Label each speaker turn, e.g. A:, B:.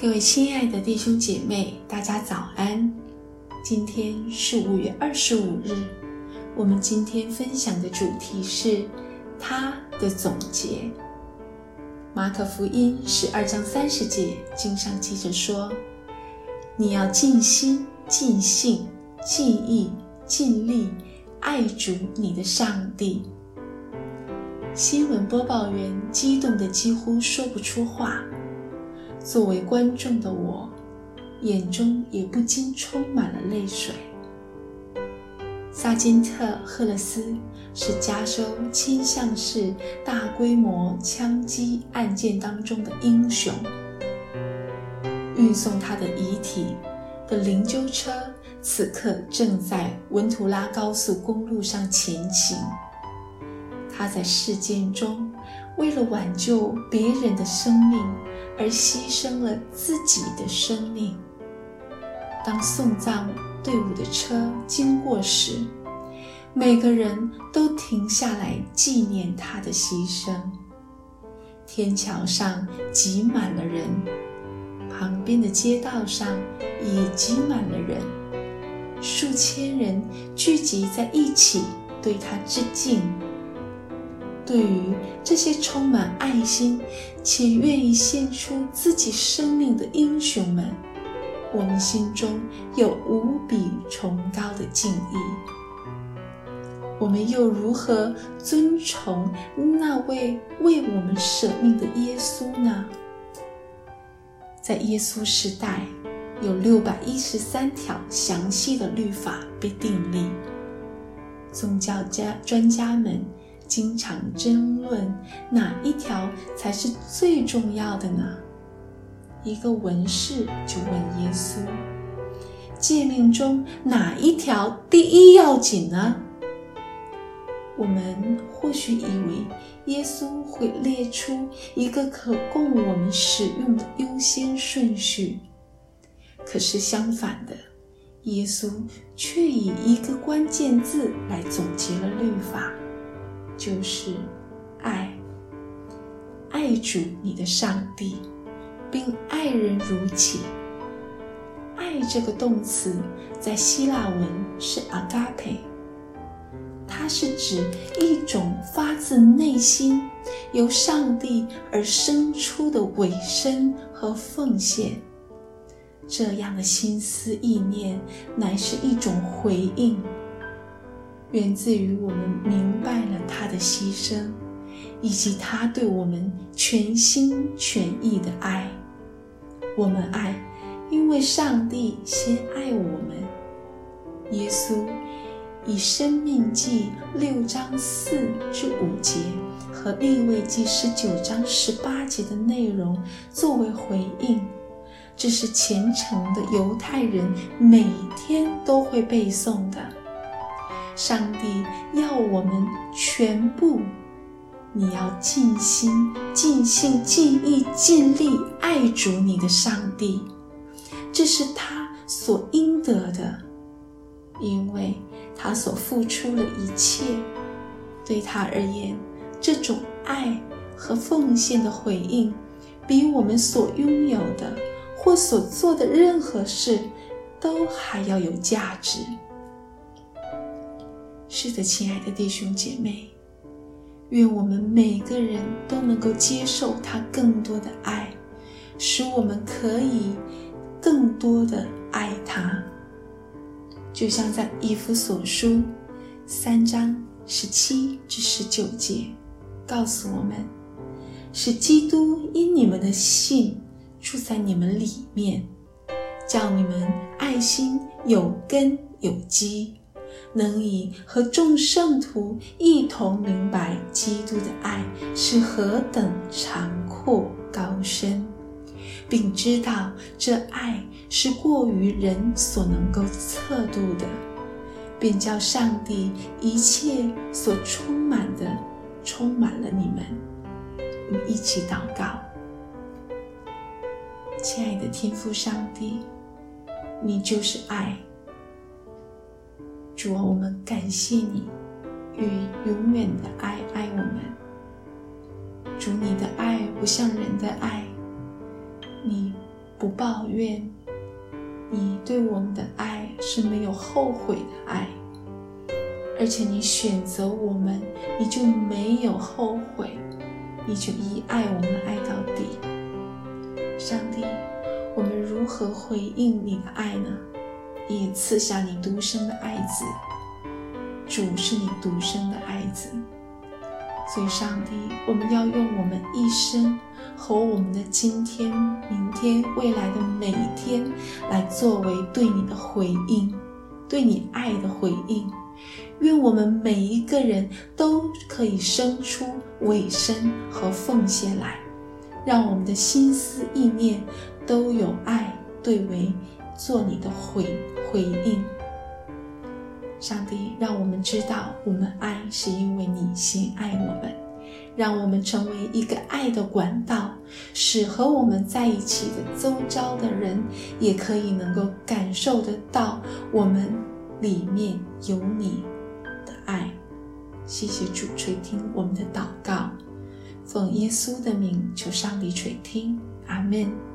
A: 各位親愛的弟兄姐妹，大家早安！今天是五月二十五日。我們今天分享的主題是他的總結。馬可福音十二章三十節經上記着說：“你要盡心、盡性、盡意、盡力愛主你的上帝。”新聞播報員激動得幾乎說不出話。作為觀眾的我，眼中也不禁充滿了淚水。薩金特·赫勒斯是加州傾向市大規模槍擊案件當中的英雄。運送他的遺體的靈柩車此刻正在文圖拉高速公路上前行。他在事件中，為了挽救別人的生命而犧牲了自己的生命。當送葬隊伍的車經過時，每個人都停下來紀念他的犧牲。天橋上擠滿了人，旁邊的街道上也擠滿了人，數千人聚集在一起對他致敬。對於這些充滿愛心且願意獻出自己生命的英雄們，我們心中有無比崇高的敬意。我們又如何尊崇那位為我們舍命的耶穌呢？在耶穌時代，有六百一十三條詳細的律法被訂立，宗教家專家們經常爭論哪一條才是最重要的呢？一個文士就問耶穌：“誡命中哪一條第一要緊呢？”我們或許以為耶穌會列出一個可供我們使用的優先順序，可是相反的，耶穌卻以一個關鍵字來總結了律法。就是愛，愛主你的上帝，並愛人如己。愛這個動詞在希臘文是 agape，它是指一種發自內心、由上帝而生出的委身和奉獻。這樣的心思意念乃是一種回應。源自於我們明白了他的犧牲，以及他對我們全心全意的愛。我們愛，因為上帝先愛我們。耶穌以《申命記》六章四至五節和《利未記》十九章十八節的內容作為回應，這是虔誠的猶太人每天都會背誦的。上帝要我們全部，你要盡心、盡性、盡意、盡力愛主你的上帝，這是他所應得的，因為他所付出了一切，對他而言，這種愛和奉獻的回應，比我們所擁有的或所做的任何事，都還要有價值。是的，親愛的弟兄姐妹，願我們每個人都能夠接受他更多的愛，使我們可以更多的愛他。就像在《以弗所書》三章十七至十九節告訴我們，是基督因你們的信住在你們裡面，叫你們愛心有根有基，能以和眾聖徒一同明白基督的愛是何等長闊高深，並知道這愛是過於人所能夠測度的，便叫上帝一切所充滿的充滿了你們。我們一起禱告：親愛的天父上帝，你就是愛。主，我們感謝你與永遠的愛愛我們。主，你的愛不像人的愛，你不抱怨，你對我們的愛是沒有後悔的愛。而且你選擇我們，你就沒有後悔，你就一愛我們愛到底。上帝，我們如何回應你的愛呢？也賜下你獨生的愛子，主是你獨生的愛子，所以上帝，我們要用我們一生和我們的今天、明天、未來的每一天，來作為對你的回應，對你愛的回應。願我們每一個人都可以生出委身和奉獻來，讓我們的心思意念都有愛對為。做你的回回應，上帝讓我們知道，我們愛是因為你先愛我們，讓我們成為一個愛的管道，使和我們在一起的周遭的人也可以能夠感受得到我們裡面有你的愛。謝謝主垂聽我們的禱告，奉耶穌的名，求上帝垂聽，阿門。